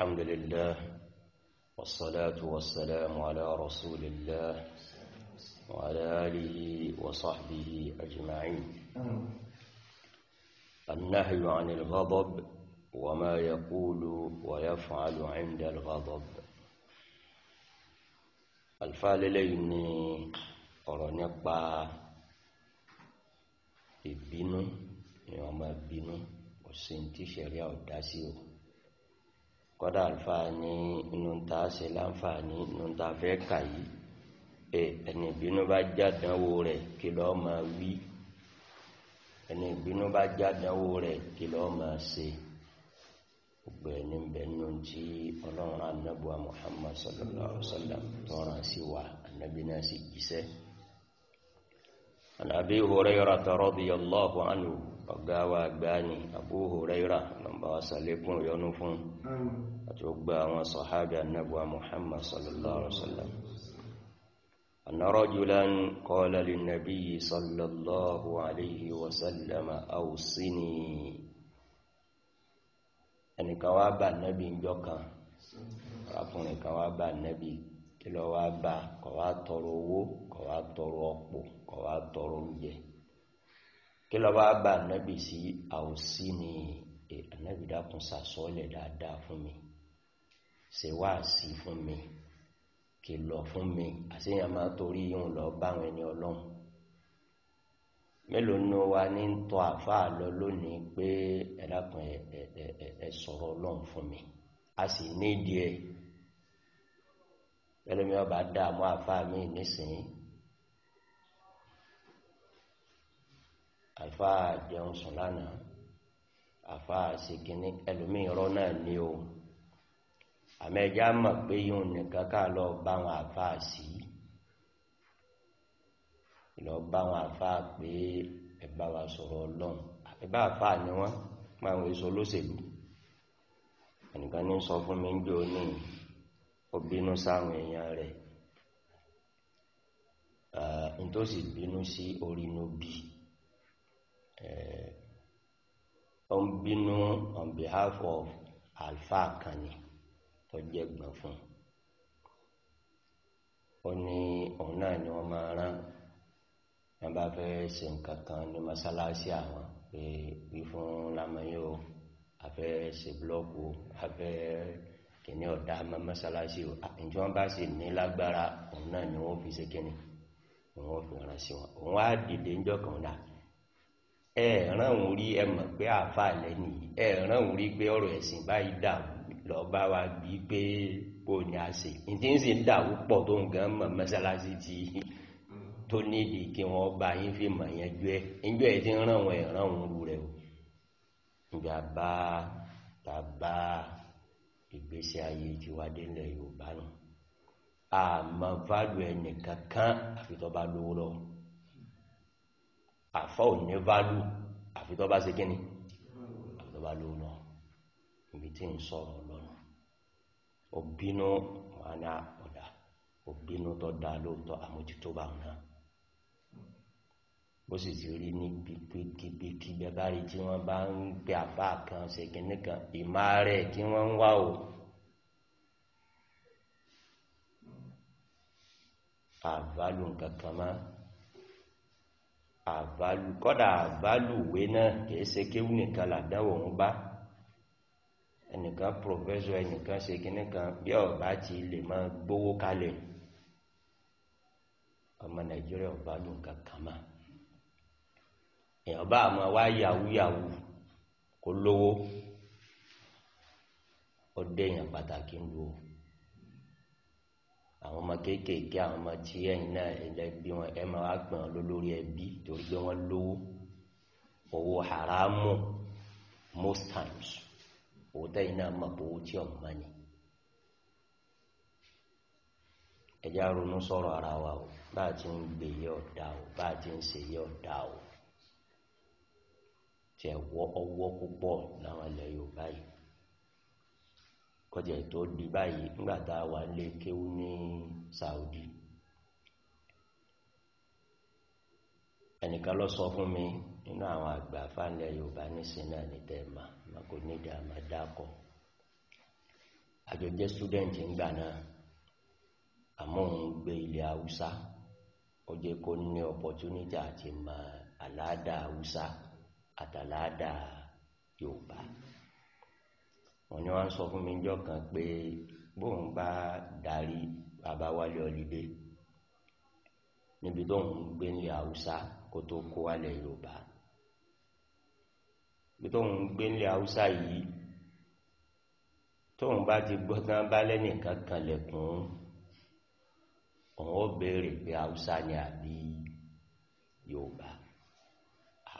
الحمد لله والصلاة والسلام على رسول الله وعلى آله وصحبه أجمعين النهي عن الغضب وما يقول ويفعل عند الغضب الفاللين أرنبا ìbínú ni wọn وسنتي شريعة kò kọ́dà àlùfáà ní inú ta ṣe láǹfààní inú ta fẹ́ kà yìí ẹni ìbínú bá jádánwò rẹ̀ kí lọ́ọ́ máa wí ẹni ìbínú bá jádánwò rẹ̀ kí lọ́ọ́ máa ṣe gbogbo ẹni bẹnu tí ọlọ́run anábùa Muhammad sallallahu alaihi tọ́ra sí wa anábì náà sì jíṣẹ́. An Abi Hurayrata radiyallahu anhu ọ̀gá wa àgbà ní Abu Huraira lọ́mbà wa sàlékún yọnú fún àti ọgbà àwọn sàhábì annabuwa Muhammad sallallahu alaihi wasallam أن رجلا قال للنبي صلى الله عليه وسلم أوصني ẹnì kan wá bá nẹ́bí ńjọ́ kan arákùnrin bá nẹ́bí kí ló wá bá kọ̀ tọrọ owó kọ̀ tọrọ ọ̀pọ̀ kọ̀ tọrọ oúnjẹ kí lọ wá bá ànábì sí àwòsí ni e, ànábì dákun sàsọ́ọ̀lẹ̀ dáadáa fún mi ṣe wá sí fún mi kì lọ fún mi àṣeyàn máa torí yóò lọ báwọn ẹni ọlọ́run mélòó ni wa ní ń tọ àfáà lọ lónìí pé ẹ dákun ẹ sọ̀rọ̀ ọlọ́run fún mi a sì nídìí ẹ ẹlòmíràn bá dààmú àfáà mi nísìnyí àfa jẹun sùn lánàá àfa ṣèkínní ẹlòmíì irọ́ náà ni o àmẹ́jà mọ̀ pé yóò nìkan ká lọ bá wọn àfa sí lọ bá wọn àfa pé ẹ bá wa sọ̀rọ̀ ọlọ́run ẹ bá àfa ni wọ́n máa ń sọ lóṣèlú ẹnìkan ní sọ fún mi ń jẹ́ òní ó sáwọn èèyàn rẹ̀ ntòsí bínú sí orí bíi ó ń bínú on behalf of alfa kan ni tó jẹ́ gbọ̀n fún un ó ní òun náà ni wọ́n máa rán wọ́n bá fẹ́ ṣe nǹkan kan ní mọ́sálásí àwọn pé wí fún lámọ́yé o afẹ́ ṣe búlọ́ọ̀kù afẹ́ kìíní ọ̀dà mọ́sálásí o àti wọ́n bá sì ní lágbára òun náà ni wọ́n fi ṣe kíni ni wọ́n fi ràn sí wọn òun á dìde ńjọ́ kan náà ẹ̀ẹ̀rán òun rí ẹmọ̀ pé àfà lẹ́ni ẹ̀ẹ̀rán òun rí pé ọ̀rọ̀ ẹ̀sìn báyìí dàwú lọ bá wa bí pé bó ni a ṣe ìdí ń sì ń dàwú pọ̀ tó ń gan mọ̀ mọ́sálásí ti tó nídìí kí wọ́n bá yín fi mọ̀ yẹn jọ ẹ́ ìjọ ẹ̀ ti ń ràn wọ́n ẹ̀ẹ̀rán òun rú rẹ̀ o ìgbà bá tàbá ìgbésí ayé tiwa délẹ̀ Yorùbá nù àmọ́ fàlù ẹnì kankan àfi lówó lọ́wọ́ àfá ò ní válù àfi tó bá ṣe kíní àfi tó bá lówó lọ ibi tí ń sọ̀rọ̀ lọ́nà òbínú wà ní àpọ̀dà òbínú tó dá lóòótọ́ àmójútó bá wọn náà bó sì ti rí ní gbígbígbígbí bẹ́bárí tí wọ́n bá ń gbé àbá kan ṣe kìíní kan ìmá kí wọ́n ń wá o àbálù kankan máa àbálù kọ́dà àbálùwé náà kìí ṣe kéwù nìkan làdánwò ń bá ẹnìkan professor ẹnìkan ṣe kíní kan bí ọba ti lè máa gbówó kalẹ̀ ọmọ nàìjíríà ọba lù nǹkan kan mọ́ èèyàn bá àmọ́ wá yàwúyàwú kó lówó ó dé èèyàn pàtàkì ń lu o àwọn ọmọ kéékèèké àwọn ọmọ tí ẹ̀yin náà ilẹ̀ bí wọn ẹ máa pè wọn lólórí ẹbí torí pé wọ́n lówó owó haramu most times owó tẹ̀yin náà mọ̀ pé owó tí ọ̀mọ ni ẹjá ronú sọ̀rọ̀ ara wa o bá a ti ń gbé yẹ ọ̀dà o bá a ti ń ṣe yẹ ọ̀dà o tẹ̀ wọ́ ọwọ́ púpọ̀ láwọn ilẹ̀ Yorùbá kọjá ètò di báyìí nígbàtà wà lè kéwú ní Saudi ẹnìkan lọ sọ fún mi nínú àwọn àgbà fáńlẹ̀ Yorùbá nísìn náà ní tẹ́ẹ̀mà mako nídà àmàdákọ̀ àjọjẹ́ student ńgbà náà àmọ́ òun gbé ilẹ̀ Haúsá ó jẹ́ kó ní opportunity àti mọ àláàdà Haúsá àtàláàdà Yorùbá òun ni wọ́n ń sọ fún mi jọ́ kan pé bóun bá darí bàbá wálé ọlídé níbi tóun gbé ní haúsá kó tó kó wálẹ̀ yorùbá bí tóun gbé ní haúsá yìí tóun bá ti gbọ́ tán bá lẹ́nìkan kanlẹ̀kùn òun ó béèrè pé haúsá ni àbí yorùbá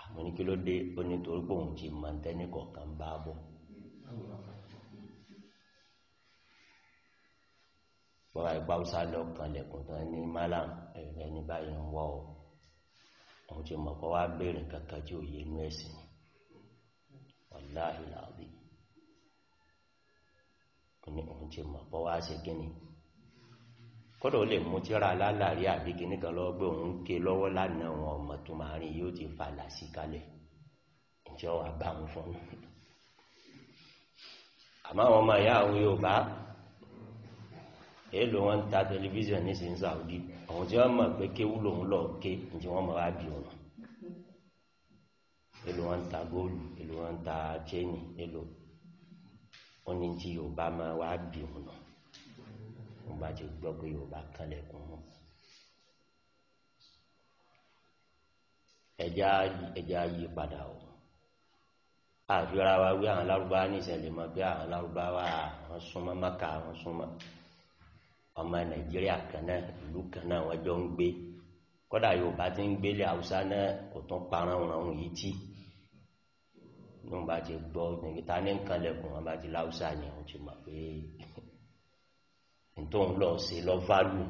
àmọ́ ní kí ló dé ó ní torí pé òun ti mọ̀ ní tẹ́nìkọ̀ọ̀kan bá bọ̀. bọ́ra ìgbáwúsá lọ kan tán ní malam ẹ̀rẹ̀ ní báyìí ń wọ́ ọ òun ti mọ̀ kọ́ wá béèrè kankan tí ò yé inú ẹ̀sìn wàláhì làbí òun wá ṣe kíni kọ́dọ̀ ó lè mú tíra lálàrí àbí kan lọ́wọ́ pé òun ké lọ́wọ́ lánàá wọn ọmọ tó máa rìn yóò ti sí kalẹ̀ àmọ́ àwọn ọmọ èlò wọn ń ta tẹlifíṣàn ní sin Saudi àwọn tí wọn mọ pé kéwú lòun lọ ké ní wọn mọ àbí ọ̀nà èlò wọn ń ta góòlù èlò wọn ń ta chéènì èlò wọn ní tí Yorùbá máa wá bí ọ̀nà wọn bá ti gbọ́ pé Yorùbá kanlẹ̀kùn wọn. ẹja ẹja yí padà o àfihàn wa wí àwọn Lárúbáwá ní ìṣẹ̀lẹ̀ mọ bí àwọn Lárúbáwá àwọn súnmọ́ Mákà àwọn súnmọ́ ọmọ nàìjíríà kan náà ìlú kan náà wọ́n jọ ń gbé kódà yorùbá ti ń gbélé haúsá náà kò tún parán ọ̀run yìí tí níwọ̀n bá ti gbọ́ nígbìta ní nkanlẹ̀kùn wọn bá ti láwùsá ni wọ́n ti mọ̀ pé nítorí lọ sí lọ́válù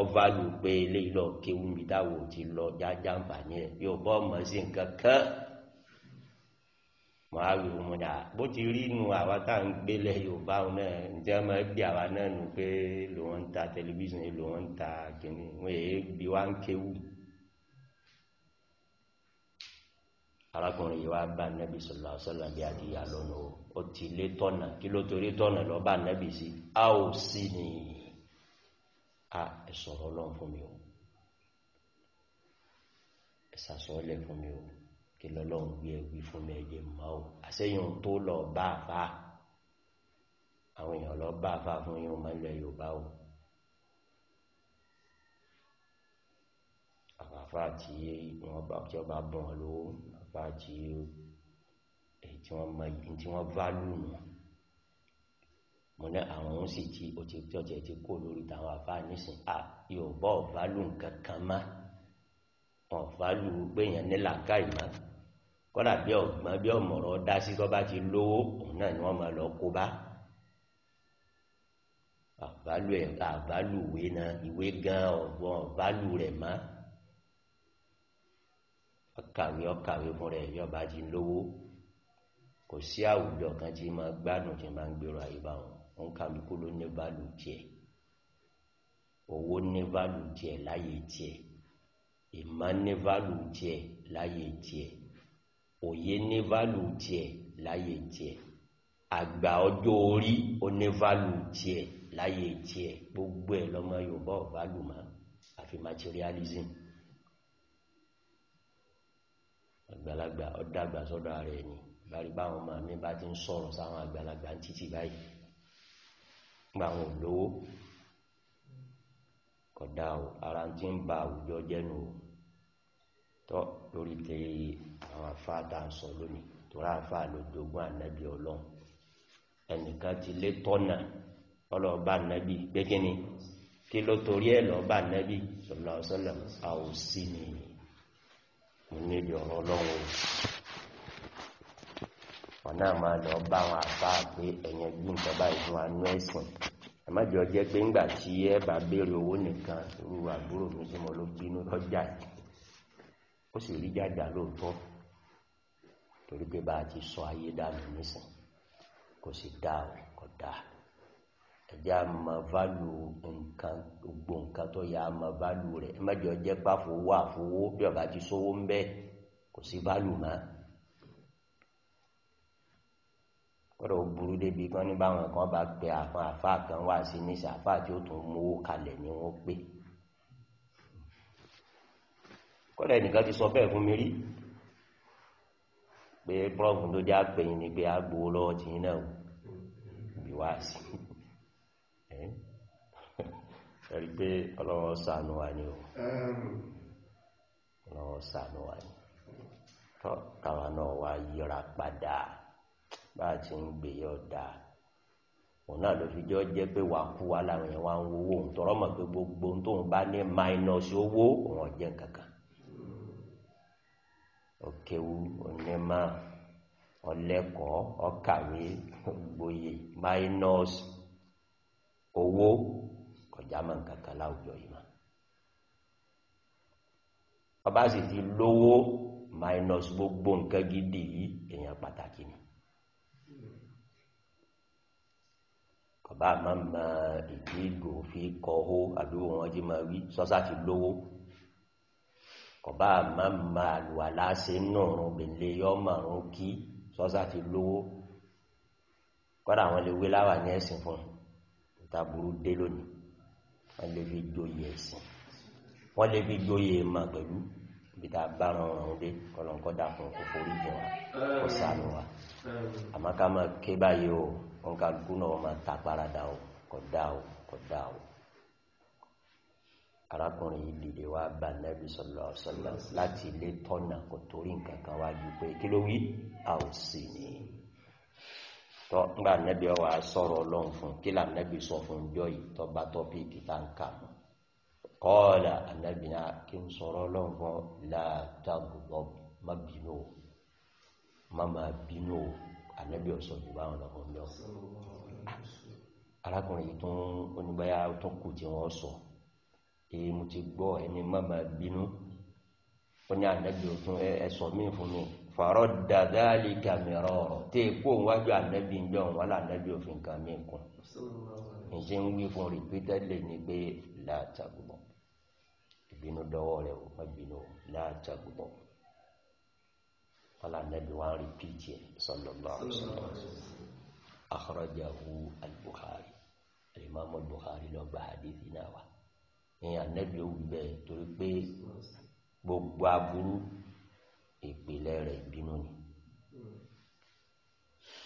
ọ̀válù pé eléyìí lọ kéwú mi táwọn ò ti lọ jájá nfààní rẹ̀ yóò bọ́ ọmọ sí nǹkan kan màálù mọ̀dà bó ti rí inú àwa tá ń gbélé yorùbá òun náà ǹjẹ́ ọmọ ẹbí àwa náà nù pé lòun ń ta tẹlifíṣàn lòun ń ta kìnnì wọn èé bí wá ń kéwù arákùnrin yìí wá bá nẹ́bí sọ̀lá sọ́lá bí adìyà lọ́nà ó ti lé tọ́nà kí ló torí tọ́nà lọ bá nẹ́bí sí a ò sí ni a ẹ̀sọ̀rọ̀ ọlọ́run fún mi o ẹ̀sàsọ́ọ́lẹ̀ fún mi o kí lọ́lọ́run gbé ẹgbí fún mi ẹ̀jẹ̀ mọ́ ò àṣẹyìn tó lọ bá fa àwọn èèyàn lọ bá àfá fún yíò máa ń lọ Yorùbá ò àfá tí wọ́n bá tí ọba bọ̀ wọn lówó àfá tí èyí tí wọ́n mọ ìyí tí wọ́n bá lùnú mo ní àwọn ohun sì tí ó ti tí ọ̀tẹ̀ ti kó lórí tàwọn àfá nísìn à Yorùbá ò bá lù nǹkan kan mọ́ wọn lù gbẹ̀yàn nílà káì kọ́dà bí ọ̀gbọ́n bí ọ̀mọ̀rọ̀ dá sí tó bá ti lówó òun náà ni wọ́n máa lọ kó bá àbálù ẹ̀ àbálù ìwé náà ìwé gan ọ̀gbọ́n àbálù rẹ̀ má ọkàwé ọkàwé fún rẹ̀ bí ọba ti lówó kò sí àwùjọ kan tí máa gbádùn tí máa ń gbèrò àyíká wọn òun kàlùkù ló ní bálù tiẹ̀ owó ní bálù tiẹ̀ láyé tiẹ̀ ìmọ̀ ní bálù tiẹ̀ láyé tiẹ̀ òye ní válù tiẹ̀ láyé tiẹ̀ àgbà ọjọ́ orí ó ní válù tiẹ̀ láyé tiẹ̀ gbogbo ẹ̀ lọ́mọ Yorùbá ò válù mọ́ àfi materialism àgbàlagbà ọ̀dàgbà sọ́dọ̀ rẹ̀ ni bari báwọn ọmọ mi bá ti ń sọ̀rọ̀ sáwọn àgbàlagbà ń títì báyìí gba àwọn olówó kódà o ara ti ń ba àwùjọ jẹ́nu o tọ́ lórí tẹ̀yẹ àwọn afá ń sọ lónìí torí afá ló jogún ànábì ọlọ́run ẹnìkan ti lé tọ́nà ọlọ́ọ̀bá ànábì pé kí ló torí ẹ̀ lọ́ọ̀bá ànábì àwòsí ni mo níbi ọ̀rọ̀ ọlọ́run wọn náà máa lọ bá àwọn afá pé ẹ̀yẹn nǹkan báyìí fún wa nú ẹ̀sìn pé ńgbà tí ẹ bá béèrè torí pé bá a ti sọ ayé dànù nísìn kò sì dá o dá ẹjẹ́ a mọ válù nǹkan gbogbo nǹkan tó yẹ a mọ válù rẹ̀ ẹ mẹ́jọ jẹ́ pàfowó àfowó bí ọba ti sówó ń bẹ́ kò sí válù mọ́ kọ́dọ̀ ó burú débi kan ní báwọn kan bá pe àwọn àfáà kan wá sí níṣẹ́ àfáà tí ó tún mówó kalẹ̀ ni wọ́n pé kọ́dọ̀ ẹnìkan ti sọ bẹ́ẹ̀ fún mi rí pé prọ́fù tó já pè yín ni pé a gbowó lọ́wọ́ tí yín náà bí wá sí ẹ̀rí pé ọlọ́wọ́ sànú wa ni o ọlọ́wọ́ sànú wa ni tọ́ káwa náà wá yíra padà bá a ti ń gbé yọ dáa òun náà ló fi jọ jẹ́ pé wà kú wa láwọn èèyàn wá ń wowó òun tọrọ mọ̀ pé gbogbo ohun tóun bá ní máínọ̀sì owó òun ọ̀jẹ̀ kankan òkèwú onema ọlẹ́kọ̀ọ́ ọkàwé gboyè minus owó kọjá mọ́ nǹkan kan láwùjọ yìí mọ́ ọba sì ti lówó minus gbogbo nǹkan gidi yìí èèyàn pàtàkì ni kọba àmọ́ mọ ìdí ìgò fi kọ́ owó àbí wọn jí máa wí sọ́sà ti lówó ọba àmà máa lùwà láṣẹ nùrùn gbèlè yọmọrùn kí sọ́sá ti lówó kọ́dà àwọn lè wé láwà ní ẹ̀sìn fún ìta burú dé lónìí wọ́n lè fi joyè ẹ̀sìn wọ́n lè fi joyè mà pẹ̀lú ìta bára ọ̀run dé kọlọ̀nkọ́dà fún kòkó orí jẹ wa kò sànù wa àmọ́ ká máa ké báyìí o wọn kà gúnà wọn máa ta parada o kódà o kódà o arákùnrin yìí dìde wá bá nẹ́bí sallallahu alaihi wasallam láti ilé tọ́nà kò torí nǹkan kan wá ju pé kí ló wí a ò sì ní tọ́ nígbà nẹ́bí ọwà sọ̀rọ̀ ọlọ́run fún kí là nẹ́bí sọ fún jọ yìí tọ́ bá tọ́píìkì tá ń kà mọ́ kọ́ọ̀lá ànẹ́bí náà kí ń sọ̀rọ̀ ọlọ́run fún látàgùgbọ́ má bínú o má má bínú o ànẹ́bí ọ̀sọ̀ jù báwọn lọ́kùnrin arákùnrin yìí tún onígbáyà tún kù tí wọ́n sọ èyí mo ti gbọ́ ẹni má ma bínú ó ní ànábì òfin ẹ̀sọ̀ mí fún mi fàárọ̀ dàdáàlì kàmìrọ̀ ọ̀rọ̀ tí èkó wájú ànábì ń jọun wà láànábì òfin kan mí kún ìṣe ń wí fún repeatedly ni pé láàtàgbọ̀ ìbínú dọwọ́ rẹ̀ ó má bínú láàtàgbọ̀ wà láànábì wà ń repeat yẹ sallallahu alaihi wasallam akhrajahu al-Bukhari al-Imam al-Bukhari lọ gba hadithi náà wa ìyẹn ànẹ́bí ó wù bẹ́ẹ̀ torí pé gbogbo aburú ìpìlẹ̀ rẹ̀ ìbínú ni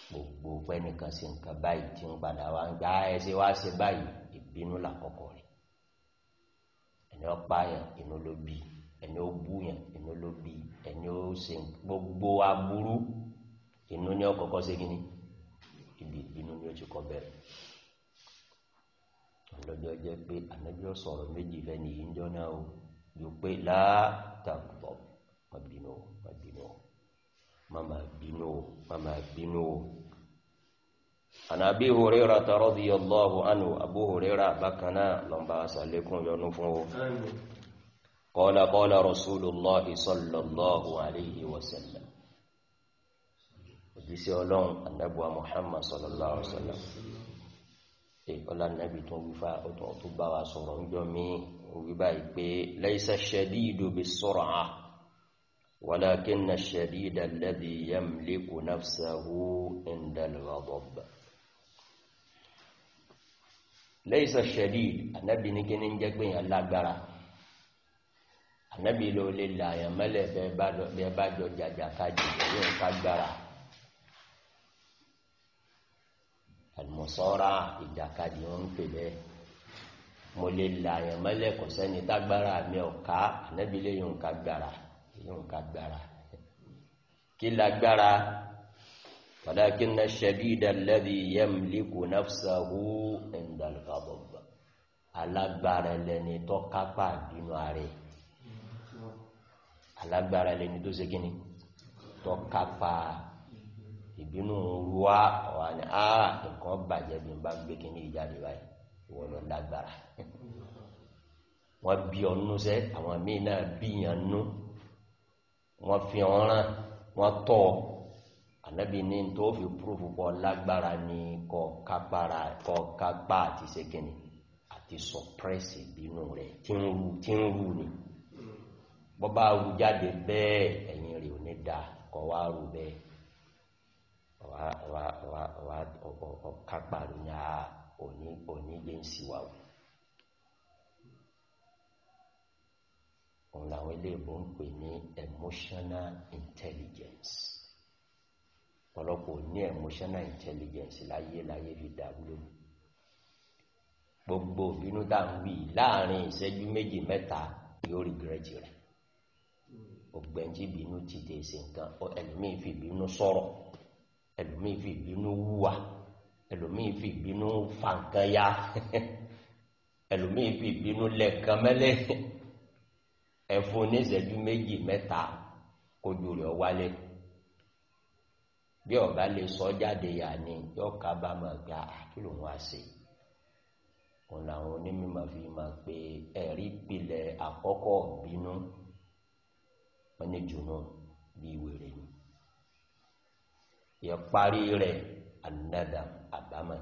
gbogbo pẹ́nìkan ṣe nǹkan báyìí tí ń padà wá ń gbá ẹsẹ̀ wá ṣe báyìí ìbínú làkọ́kọ́ rẹ̀ ẹni ó pààyàn inú ló bí ẹni ó búyàn inú ló bí ẹni ó ṣe gbogbo aburú inú ni ó ṣe kí ni ìbínú ni ó ti kọ́ bẹ̀rẹ̀ lọ́jọ́ jẹ́ pé ànábì ó sọ̀rọ̀ méjì lẹ́ni yìí ń jọ́nà o yóò pé látàgbọ̀ má bínú o má bínú o má má bínú o má má bínú o. àná Abi Hurairah radiyallahu anhu Abu Hurairah bákan náà lọ́nba sàlékún yọnu fún o. قال قال رسول الله صلى الله عليه وسلم وديسي أولون النبوة محمد صلى الله عليه وسلم ọlá nàbì tó ń wífà ọ̀tọ̀ tó bá wa sọ̀rọ̀ ń jọ mí òwí báyìí pé laysa shadidu bis-sur'a walakinna shadida alladhi yamliku nafsahu inda al-ghadab laysa shadid ànábì ní kíní ń jẹ́ pé yẹn lágbára ànábì ló lè là yẹn mẹ́lẹ̀ bẹ́ẹ̀ bá jọ jàjà ká jù yóò ká gbára. àlùmọ̀sọ́ra ìjàkadì wọn ń pè bẹ́ẹ̀ mo lè là yàn mọ́lẹ̀ kò sẹ́ni tágbára mi ọ̀ka ànábi lè yàn ká gbára yàn ká gbára kí lágbára walakinna ash-shadida alladhi yamliku nafsahu inda al-ghadab alágbára lẹni tó kápá bínú ààrẹ alágbára lẹni tó ṣe kíni tó kápá ìbínú ruwa ọ̀wà ni a nǹkan bàjẹ́ bí n bá gbé kíní ìjáde báyìí ìwọ lọ lágbára wọ́n bí ọ̀nú sẹ́ àwọn míì náà bíyàn nú wọ́n fi ọ̀ràn wọ́n tọ́ ànábì ní tó fi púrúfù pọ̀ lágbára ní kọ kápára kọ kápá àti sẹ́kìnì àti sọpírẹ́sì bínú rẹ̀ tí ń ru tí ń ru ni bọ́bá ru jáde bẹ́ẹ̀ ẹ̀yìn ò ní dáa kọ́ wá ru bẹ́ẹ̀ wà wà wà wà ọ̀kápàrò ní a òní òní jẹ́ ń sí wà wù òun làwọn iléèbó ń pè ní emotional intelligence ọ̀pọ̀lọpọ̀ ní emotional intelligence láyé láyé fi dàrú lónìí gbogbo òbínú tá ń wí láàrin ìṣẹ́jú méjì mẹ́ta yóò rìgírẹ́tì rẹ̀ ògbẹ́njì bínú ti dè ṣe nǹkan ẹlòmíì fi bínú sọ̀rọ̀ ẹlòmíì fi ìbínú wùwà ẹlòmíì fi ìbínú fa ya ẹlòmíì fi ìbínú lẹ̀kan mẹ́lẹ́ ẹ̀fọn oníṣẹ́jú méjì mẹ́ta kojú rẹ̀ wálé bí ọba lè sọ jáde yà ni yóò kábàámọ̀ gba àkìlò wọn àṣẹ òun làwọn onímọ̀ fi máa pe ẹ̀rí pilẹ̀ àkọ́kọ́ bínú wọn ní jùnú bíi wèrè ni ìparí rẹ̀ ànádà àbámọ̀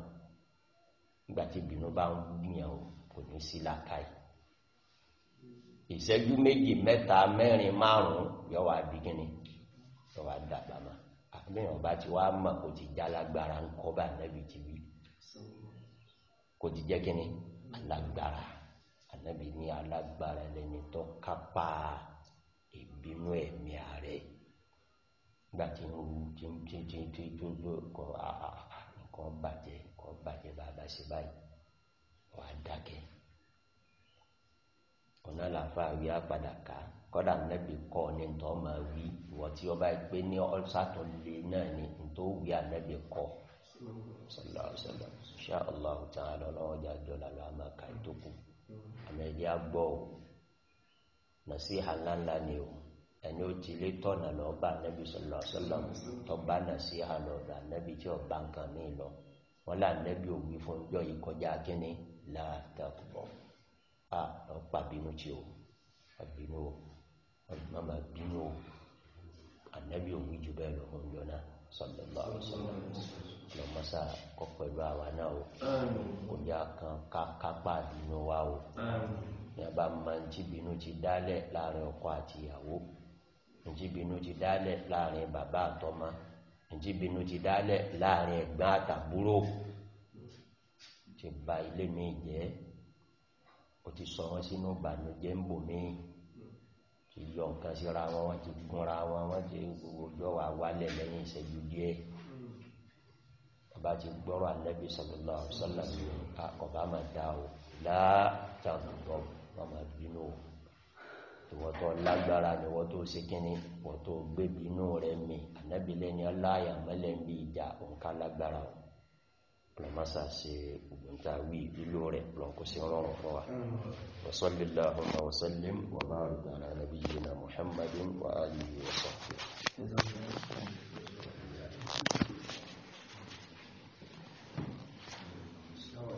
nígbà tí ìbínú bá ń gbìyàn o kò ní sí làkàì ìṣẹ́jú méjì mẹ́ta mẹ́rin márùn-ún yọ wá di kíni yọ wá dàgbàmọ́ àbẹ́yàn ọba tí wàá mọ̀ kò ti já lágbára ń bá ànábì ti wí kò ti jẹ́ kíni alágbára ànábì ní alágbára lẹni tó kápá ìbínú ẹ̀mí ààrẹ nígbà tí ń wu tí ń tí tí tí tó ló nǹkan àà nǹkan bàjẹ́ nǹkan bàjẹ́ bàbá ṣe báyìí wàá dákẹ́ ọ̀nà làfáà wí apàdà ká kọ́dà nẹ́bí kọ́ ni tó máa wí ìwọ tí ọba gbé ní ọ́sàtọ̀ lè náà ni tó wí ànẹ́bí kọ́ sallallahu alaihi wasallam insha Allah ta'ala lọ́wọ́ jájọ́ lálọ́ àmọ́ ká ìtókù àmọ́ ẹ̀jẹ̀ á gbọ́ ò nà sí àlá ni o ẹni ó ti lé tọ̀nà lọ bá nẹ́bí sọlọ sọlọ tó bá nà sí àlọ́dà nẹ́bí tí ọba nǹkan mí lọ wọn là nẹ́bí òwú fún ọjọ́ yìí kọjá kínní látàkùbọ̀ a ọ̀pá bínú tí o ọ̀bínú o ọ̀gbọ́n bínú o ànẹ́bí òwú jù bẹ́ẹ̀ lọ fún ọjọ́ náà sọlọ lọ sọlọ lọmọsá kọ pẹ̀lú àwa náà o kọjá kan kápá bínú wa o ní a bá máa ń jí bínú ti dálẹ̀ láàrin ọkọ àti ìyàwó ìjìbìnú ti dálẹ̀ láàrin bàbá àtọmọ ìjìbìnú ti dálẹ̀ láàrin ẹ̀gbọ́n àtàbúrò ti ba ilé mi jẹ́ ó ti sọ wọn sínú ìbànújẹ́ ń bò mí ti yọ nǹkan síra wọn wọn ti gúnra wọn wọn ti gbogbo ọjọ́ wálẹ̀ lẹ́yìn ìṣẹ́jú díẹ̀ ọba ti gbọ́rọ̀ Ànábì sallallahu alaihi wasallam ọba máa dá o láà tàbí ọba máa bínú o ìwọ́n tó lágbára ni wọ́n tó ṣe kíní wọ́n tó gbébi inú rẹ̀ mi ànábì lẹ́ni aláyà mẹ́lẹ̀ ń bí ìjà òǹkà lágbára o lọ́mọ́sà ṣe ògbóǹta wí ìlú rẹ̀ lọ́nkó sí rọrùn fún wa wasallallahu wa sallim wa barik ala nabiyyina muhammadin wa alihi wa sahbihi